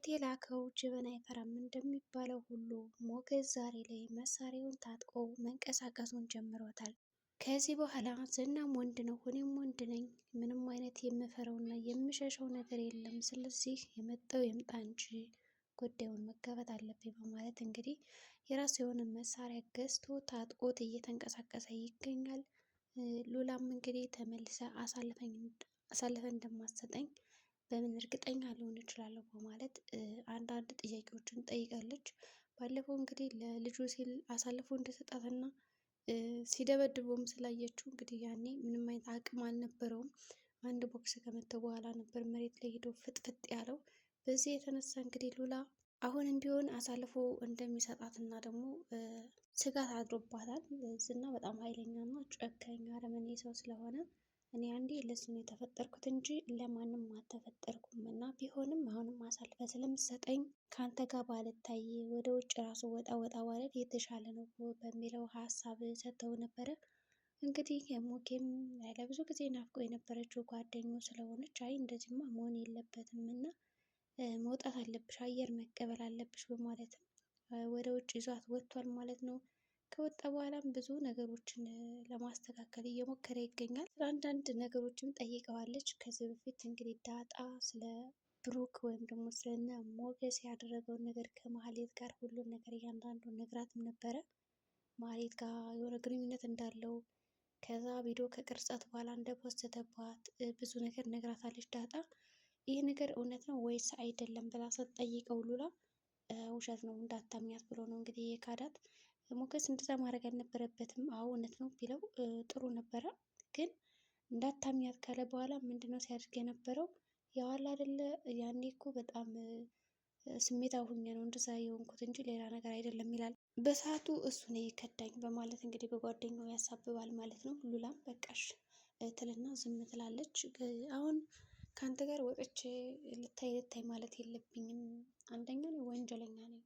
ፊት የላከው ጅብን አይፈራም እንደሚባለው ሁሉ ሞገስ ዛሬ ላይ መሳሪያውን ታጥቆ መንቀሳቀሱን ጀምሮታል። ከዚህ በኋላ ዝናም ወንድ ነው፣ እኔም ወንድ ነኝ፣ ምንም አይነት የምፈረውና የምሸሸው ነገር የለም፣ ስለዚህ የመጣው የምጣ እንጂ ጉዳዩን መጋፈጥ አለብኝ በማለት እንግዲህ የራሱ የሆነ መሳሪያ ገዝቶ ታጥቆት እየተንቀሳቀሰ ይገኛል። ሉላም እንግዲህ ተመልሰ አሳልፈን እንደማሰጠኝ በምን እርግጠኛ ልሆን እችላለሁ በማለት አንዳንድ ጥያቄዎችን ጠይቃለች። ባለፈው እንግዲህ ለልጁ ሲል አሳልፎ እንደሰጣት እና ሲደበድበውም ስላየችው እንግዲህ ያኔ ምንም አይነት አቅም አልነበረውም። አንድ ቦክስ ከመተው በኋላ ነበር መሬት ላይ ሄዶ ፍጥፍጥ ያለው። በዚህ የተነሳ እንግዲህ ሉላ አሁንም ቢሆን አሳልፎ እንደሚሰጣት እና ደግሞ ስጋት አድሮባታል። ዝና በጣም ኃይለኛ እና ጨካኝ አረመኔ ሰው ስለሆነ እኔ አንዴ ለሱ ነው የተፈጠርኩት እንጂ ለማንም አልተፈጠርኩም። እና ቢሆንም አሁንም አሳልፈ ስለምሰጠኝ ከአንተ ጋር ባልታይ ወደ ውጭ ራሱ ወጣ ወጣ ማለት የተሻለ ነው በሚለው ሀሳብ ሰጥተው ነበረ። እንግዲህ ሞኬም ለብዙ ጊዜ ናፍቆ የነበረችው ጓደኛው ስለሆነች አይ እንደዚህማ መሆን የለበትም እና መውጣት አለብሽ፣ አየር መቀበል አለብሽ በማለትም ወደ ውጭ ይዟት ወጥቷል ማለት ነው። ከወጣ በኋላም ብዙ ነገሮችን ለማስተካከል እየሞከረ ይገኛል። ስለ አንዳንድ ነገሮችም ጠይቀዋለች። ከዚህ በፊት እንግዲህ ዳጣ ስለ ብሩክ ወይም ደግሞ ስለነ ሞገስ ያደረገውን ነገር ከማህሌት ጋር ሁሉን ነገር እያንዳንዱን ነግራትም ነበረ። ማህሌት ጋር የሆነ ግንኙነት እንዳለው ከዛ ቪዲዮ ከቅርጸት በኋላ እንደፖስተተባት ብዙ ነገር ነግራታለች ዳጣ። ይህ ነገር እውነት ነው ወይስ አይደለም ብላ ስትጠይቀው ሉላ ውሸት ነው እንዳታምኛት ብሎ ነው እንግዲህ የካዳት ሞገስ እንደዛ ማድረግ አልነበረበትም። አዎ እውነት ነው ቢለው ጥሩ ነበረ። ግን እንዳታምኛት ካለ በኋላ ምንድነው ሲያደርግ የነበረው የኋላ አይደለ ያኔ እኮ በጣም ስሜታዊ አሁኘ ነው እንደዛ የሆንኩት እንጂ ሌላ ነገር አይደለም ይላል። በሰዓቱ እሱ ነው የከዳኝ በማለት እንግዲህ በጓደኛው ያሳብባል ማለት ነው። ሉላም በቃሽ ትልና ዝም ትላለች። አሁን ከአንተ ጋር ወጥቼ ልታይ ልታይ ማለት የለብኝም አንደኛ ወንጀለኛ ነኝ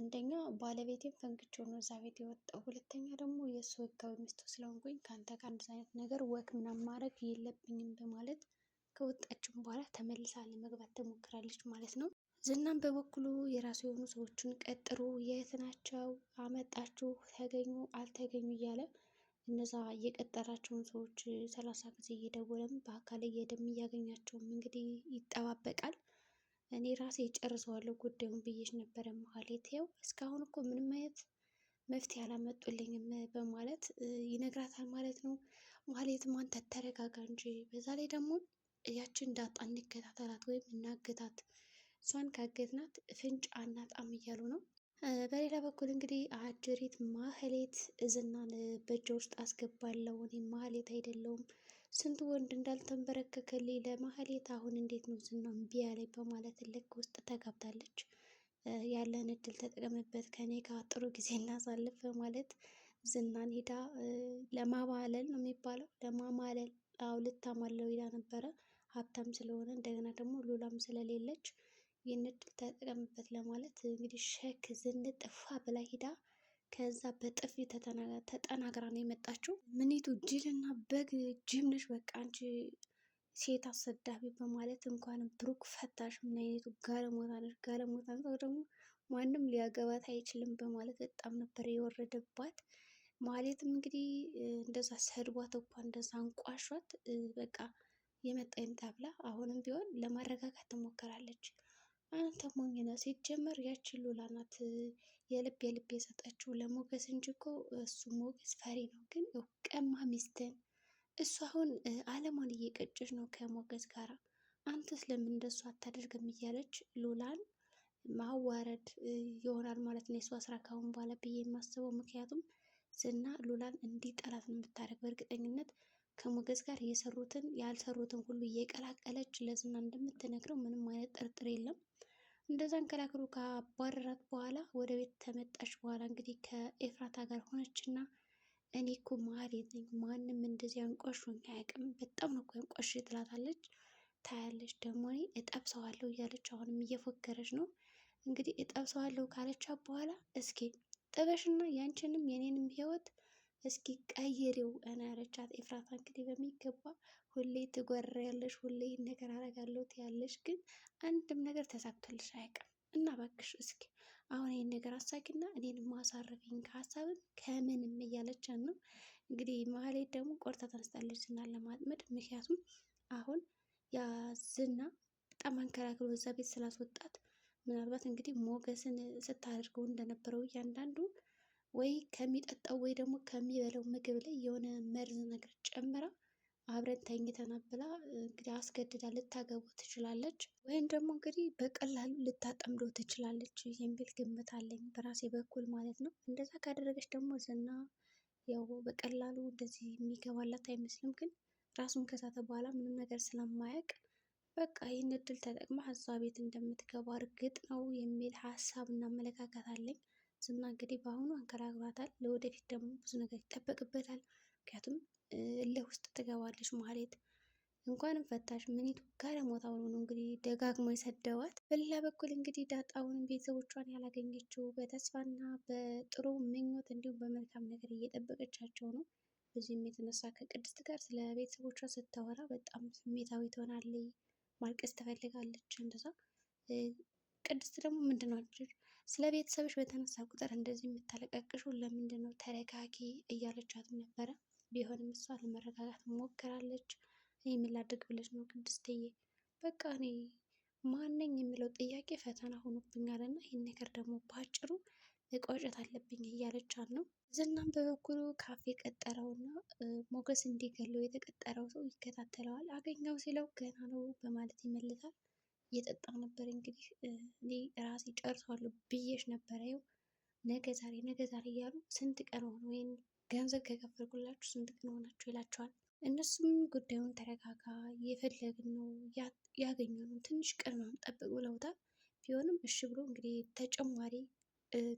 አንደኛ ባለቤቴም ፈንግቼ ነው እዛ ቤት የወጣው። ሁለተኛ ደግሞ የእሱ ህጋዊ ሚስቱ ስለሆንኩኝ ከአንተ ጋር እንደዚ አይነት ነገር ወክ ምናምን ማድረግ የለብኝም በማለት ከወጣችም በኋላ ተመልሳ ለመግባት ትሞክራለች ማለት ነው። ዝናም በበኩሉ የራሱ የሆኑ ሰዎችን ቀጥሮ የት ናቸው አመጣችሁ፣ ተገኙ አልተገኙ እያለ እነዛ የቀጠራቸውን ሰዎች ሰላሳ ጊዜ እየደወለም በአካል እየደም እያገኛቸውም እንግዲህ ይጠባበቃል። እኔ ራሴ ጨርሰዋለሁ ጉዳዩን ብዬሽ ነበረ መሀሌት። ያው እስካሁን እኮ ምንም አይነት መፍትሄ አላመጡልኝም በማለት ይነግራታል ማለት ነው። መሀሌት አንተ ተረጋጋ እንጂ፣ በዛ ላይ ደግሞ ያችን ዳጣ እንከታተላት ወይም እናገታት፣ እሷን ካገትናት ፍንጭ አናጣም እያሉ ነው። በሌላ በኩል እንግዲህ አጀሪት ማህሌት እዝናን በእጇ ውስጥ አስገባለሁ እኔ ማህሌት አይደለውም ስንት ወንድ እንዳልተንበረከከልኝ ለማህሌት አሁን እንዴት ነው ዝናም ያለኝ በማለት ልክ ውስጥ ተጋብታለች። ያለን እድል ተጠቀምበት ከኔ ጋር ጥሩ ጊዜ እናሳልፍ በማለት ዝናን ሄዳ ለማማለል ነው የሚባለው ለማማለል አው ልታማለው ሄዳ ነበረ። ሀብታም ስለሆነ እንደገና ደግሞ ሉላም ስለሌለች ይህን እድል ተጠቀምበት ለማለት እንግዲህ ሸክ ዝንጥፋ ብላ ሄዳ ከዛ በጥፊ ተጠናግራ ነው የመጣችው። ምኒቱ ጅልና በግ ጅም ነሽ፣ በቃ አንቺ ሴት አሰዳፊ በማለት እንኳን ብሩክ ፈታሽ። ምን አይነቱ ጋለሞታ ነሽ! ጋለሞታ ደግሞ ማንም ሊያገባት አይችልም በማለት በጣም ነበር የወረደባት። ማለትም እንግዲህ እንደዛ ሰድቧት እኳ እንደዛ አንቋሿት በቃ የመጣ ይምጣ ብላ አሁንም ቢሆን ለማረጋጋት ትሞክራለች። አንተ ሞኝ ነህ። ሲጀመር ያችን ሉላ ናት የልብ የልብ የሰጠችው ለሞገስ እንጂ እኮ እሱ ሞገስ ፈሪ ነው። ግን ቀማ ሚስትን እሱ አሁን አለሟን እየቀጨች ነው ከሞገስ ጋራ። አንተ ስለምን እንደሱ አታደርግም እያለች ሉላን ማዋረድ ይሆናል ማለት ነው የእሷ ስራ ካሁን በኋላ ብዬ የማስበው። ምክንያቱም ዝና ሉላን እንዲጠላት ነው የምታደርግ። በእርግጠኝነት ከሞገስ ጋር የሰሩትን ያልሰሩትን ሁሉ እየቀላቀለች ለዝና እንደምትነግረው ምንም አይነት ጥርጥር የለም። እንደዛ አንከራክሮ ካባረራት በኋላ ወደ ቤት ተመጣች። በኋላ እንግዲህ ከኤፍራታ ጋር ሆነች እና እኔ እኮ መሀሌት ነኝ፣ ማንም እንደዚህ አንቋሾኝ አያውቅም፣ በጣም ነው እኮ ትላታለች። ታያለች ደግሞ እኔ እጠብሰዋለሁ እያለች አሁንም እየፎከረች ነው። እንግዲህ እጠብሰዋለሁ ካለቻት በኋላ እስኪ ጥበሽና ያንቺንም የኔንም ህይወት እስኪ ቀይሪው እና ያለቻት ኤፍራታ እንግዲህ በሚገባ ሁሌ ትጎሪያለሽ፣ ሁሌ ነገር አረጋለሁ ትያለሽ፣ ግን አንድም ነገር ተሳክቶልሽ አያውቅም። እና እባክሽ እስኪ አሁን ይህን ነገር አሳኪና እኔን ማሳረፈኝ ከሀሳብም ከምንም እያለችን ነው እንግዲህ መሀሌት ደግሞ ቆርታ ተነስታለች እና ለማጥመድ። ምክንያቱም አሁን ያ ዝና በጣም አንከራክሮ በዛ ቤት ስላስወጣት ምናልባት እንግዲህ ሞገስን ስታደርገው እንደነበረው እያንዳንዱ ወይ ከሚጠጣው ወይ ደግሞ ከሚበላው ምግብ ላይ የሆነ መርዝ ነገር ጨምራ አብረን ተኝተናል ብላ እንግዲህ አስገድዳ ልታገቡ ትችላለች፣ ወይም ደግሞ እንግዲህ በቀላሉ ልታጠምዶ ትችላለች የሚል ግምት አለኝ በራሴ በኩል ማለት ነው። እንደዛ ካደረገች ደግሞ ዝና ያው በቀላሉ እንደዚህ የሚገባላት አይመስልም። ግን ራሱን ከሳተ በኋላ ምንም ነገር ስለማያውቅ በቃ ይህን እድል ተጠቅማ እዛ ቤት እንደምትገባ እርግጥ ነው የሚል ሀሳብ እና አመለካከት አለኝ። ዝና እንግዲህ በአሁኑ አንከራግሯታል። ለወደፊት ደግሞ ብዙ ነገር ይጠበቅበታል። ምክንያቱም እልህ ውስጥ ትገባለች ማህሌት። እንኳንም ፈታሽ ምኒቱ ጋር ብሎ ነው እንግዲህ ደጋግሞ የሰደዋት። በሌላ በኩል እንግዲህ ዳጣውን ቤተሰቦቿን ያላገኘችው በተስፋና በጥሩ ምኞት እንዲሁም በመልካም ነገር እየጠበቀቻቸው ነው። በዚህም የተነሳ ከቅድስት ጋር ስለ ቤተሰቦቿ ስታወራ በጣም ስሜታዊ ትሆናለች፣ ማልቀስ ትፈልጋለች። እንደዛ ቅድስት ደግሞ ምንድን ነው ስለ ቤተሰብሽ በተነሳ ቁጥር እንደዚህ የምታለቀቅሽው ለምንድን ነው? ተረጋጊ እያለቻትም ነበረ። ቢሆንም እሷ ለመረጋጋት ሞክራለች። እኔ ምን ላድርግ ብለሽ ነው ቅድስትዬ? በቃ እኔ ማነኝ የሚለው ጥያቄ ፈተና ሆኖብኛል እና ይህን ነገር ደግሞ በአጭሩ መቋጨት አለብኝ እያለቻት ነው። ዝናም በበኩሉ ካፌ ቀጠረውና ሞገስ እንዲገለው የተቀጠረው ሰው ይከታተለዋል። አገኘው ሲለው ገና ነው በማለት ይመልሳል። እየጠጣ ነበር። እንግዲህ እኔ ራሴ ጨርሰዋለሁ ብዬሽ ነበረ። ይኸው ነገ ዛሬ ነገ ዛሬ እያሉ ስንት ቀን ሆኖ ወይም ገንዘብ ከከፈልኩላችሁ ስንት ቀን ሆናችሁ ይላቸዋል። እነሱም ጉዳዩን ተረጋጋ፣ የፈለግን ነው ያገኘነው፣ ትንሽ ቀን ነው ጠብቅ ብለውታል። ቢሆንም እሺ ብሎ እንግዲህ ተጨማሪ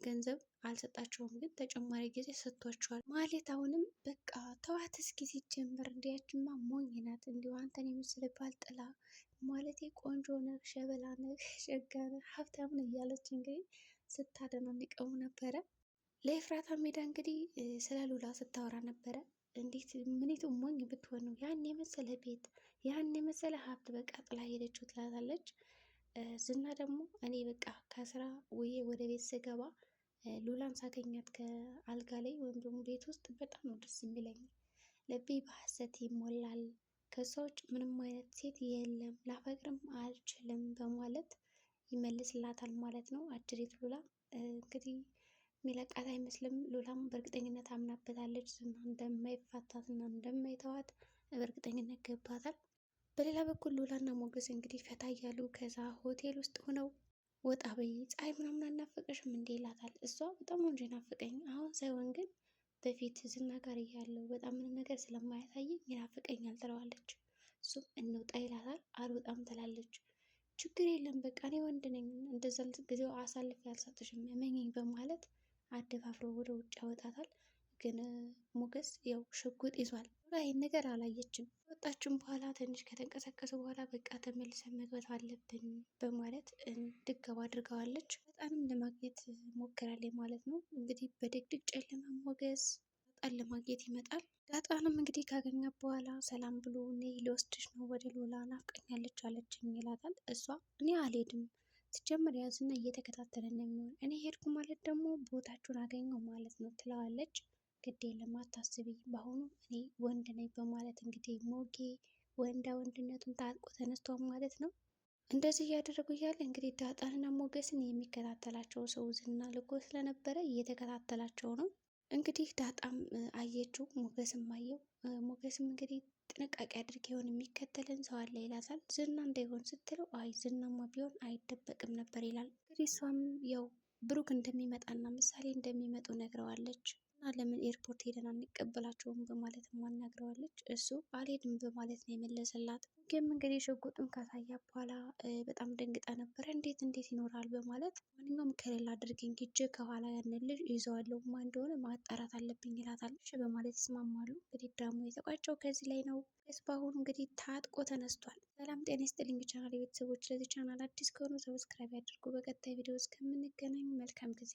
ገንዘብ አልሰጣቸውም፣ ግን ተጨማሪ ጊዜ ሰጥቷቸዋል። ማለት አሁንም በቃ ተዋት እስኪ ሲጀምር እንዲያችማ ሞኝ ናት እንዲሁ አንተን የመሰለ ጥላ? ማለቴ ቆንጆ ነህ፣ ሸበላ ነህ፣ ሸጋ ነህ፣ ሀብታም ነህ እያለች እንግዲህ ስታደናንቀው ነበረ። ለኤፍራታ ሜዳ እንግዲህ ስለ ሉላ ስታወራ ነበረ። እንዴት ምኔት ሞኝ ብትሆን ነው ያን የመሰለ ቤት ያን የመሰለ ሀብት በቃ ጥላ ሄደችው ትላታለች። ዝና ደግሞ እኔ በቃ ከስራ ውዬ ወደ ቤት ስገባ ሉላን ሳገኛት ከአልጋ ላይ ወይም ደግሞ ቤት ውስጥ በጣም ነው ደስ የሚለኝ፣ ልቤ በሀሰት ይሞላል ከዛ ውጭ ምንም አይነት ሴት የለም ላፈቅርም አልችልም በማለት ይመልስላታል ማለት ነው። አጅሬት ሉላ እንግዲህ የሚለቃት አይመስልም። ሉላም በእርግጠኝነት አምናበታለች ዝና እንደማይፋታት እና እንደማይተዋት በእርግጠኝነት ገብቷታል። በሌላ በኩል ሉላና ሞገስ እንግዲህ ፈታ እያሉ ከዛ ሆቴል ውስጥ ሆነው ወጣ በይ ፀሐይ ምናምን አናፈቀሽም እንዴ ይላታል። እሷ በጣም ነው እንጂ አሁን ሳይሆን ግን በፊት ዝና ጋር እያለው በጣም ምንም ነገር ስለማያሳየኝ ይናፍቀኛል ትለዋለች። እሱም እንውጣ ይላታል። አልወጣም ትላለች። ችግር የለም በቃ እኔ ወንድ ነኝ፣ እንደዛ ጊዜው አሳልፌ አልሰጥሽም እመኚኝ በማለት አደፋፍሮ ወደ ውጭ ያወጣታል። ግን ሞገስ ያው ሽጉጥ ይዟል። ፍቅር ይህን ነገር አላየችም። ከወጣችን በኋላ ትንሽ ከተንቀሳቀሱ በኋላ በቃ ተመልሰን መግባት አለብን በማለት ድጋብ አድርገዋለች። በጣም ለማግኘት ሞክራለች ማለት ነው። እንግዲህ በድቅድቅ ጨለማ ሞገስ ዳጣን ለማግኘት ይመጣል። ዳጣንም እንግዲህ ካገኘ በኋላ ሰላም ብሎ እኔ ልወስድሽ ነው ወደ ሎላ ናፍቀኛለች አለችኝ ይላታል። እሷ እኔ አልሄድም ሲጀምር ያዝና እየተከታተለ ነው የሚሆን እኔ ሄድኩ ማለት ደግሞ ቦታችሁን አገኘው ማለት ነው ትለዋለች። ግድ የለም አታስቢ፣ በአሁኑ እኔ ወንድ ነኝ በማለት እንግዲህ ሞጌ ወንዳ ወንድነቱን ታጥቆ ተነስቷል ማለት ነው። እንደዚህ እያደረጉ እያለ እንግዲህ ዳጣንና ሞገስን የሚከታተላቸው ሰው ዝና ልኮ ስለነበረ እየተከታተላቸው ነው። እንግዲህ ዳጣም አየችው፣ ሞገስም አየው። ሞገስም እንግዲህ ጥንቃቄ አድርግ የሆን የሚከተልን ሰው አለ ይላታል። ዝና እንዳይሆን ስትለው አይ ዝናማ ቢሆን አይደበቅም ነበር ይላል። እንግዲህ እሷም ያው ብሩክ እንደሚመጣና ምሳሌ እንደሚመጡ ነግረዋለች። እና ለምን ኤርፖርት ሄደን አንቀበላቸውም በማለት ማናግረዋለች። እሱ አልሄድም በማለት ነው የመለሰላት። ግን እንግዲህ ሽጉጡን ካሳያ በኋላ በጣም ደንግጣ ነበረ። እንዴት እንዴት ይኖራል በማለት ማንኛውም ከሌላ አድርገኝ ሂጄ ከኋላ ያንን ልጅ ይዘዋለሁ ማ እንደሆነ ማጣራት አለብኝ ይላታለች በማለት ይስማማሉ። እንግዲህ ድራማ የተቋጨው ከዚህ ላይ ነው። ስ በአሁኑ እንግዲህ ታጥቆ ተነስቷል። ሰላም ጤና ይስጥልኝ ቻናል ቤተሰቦች፣ ለዚህ ቻናል አዲስ ከሆኑ ሰብስክራይብ ያድርጉ። በቀጣይ ቪዲዮ እስከምንገናኝ መልካም ጊዜ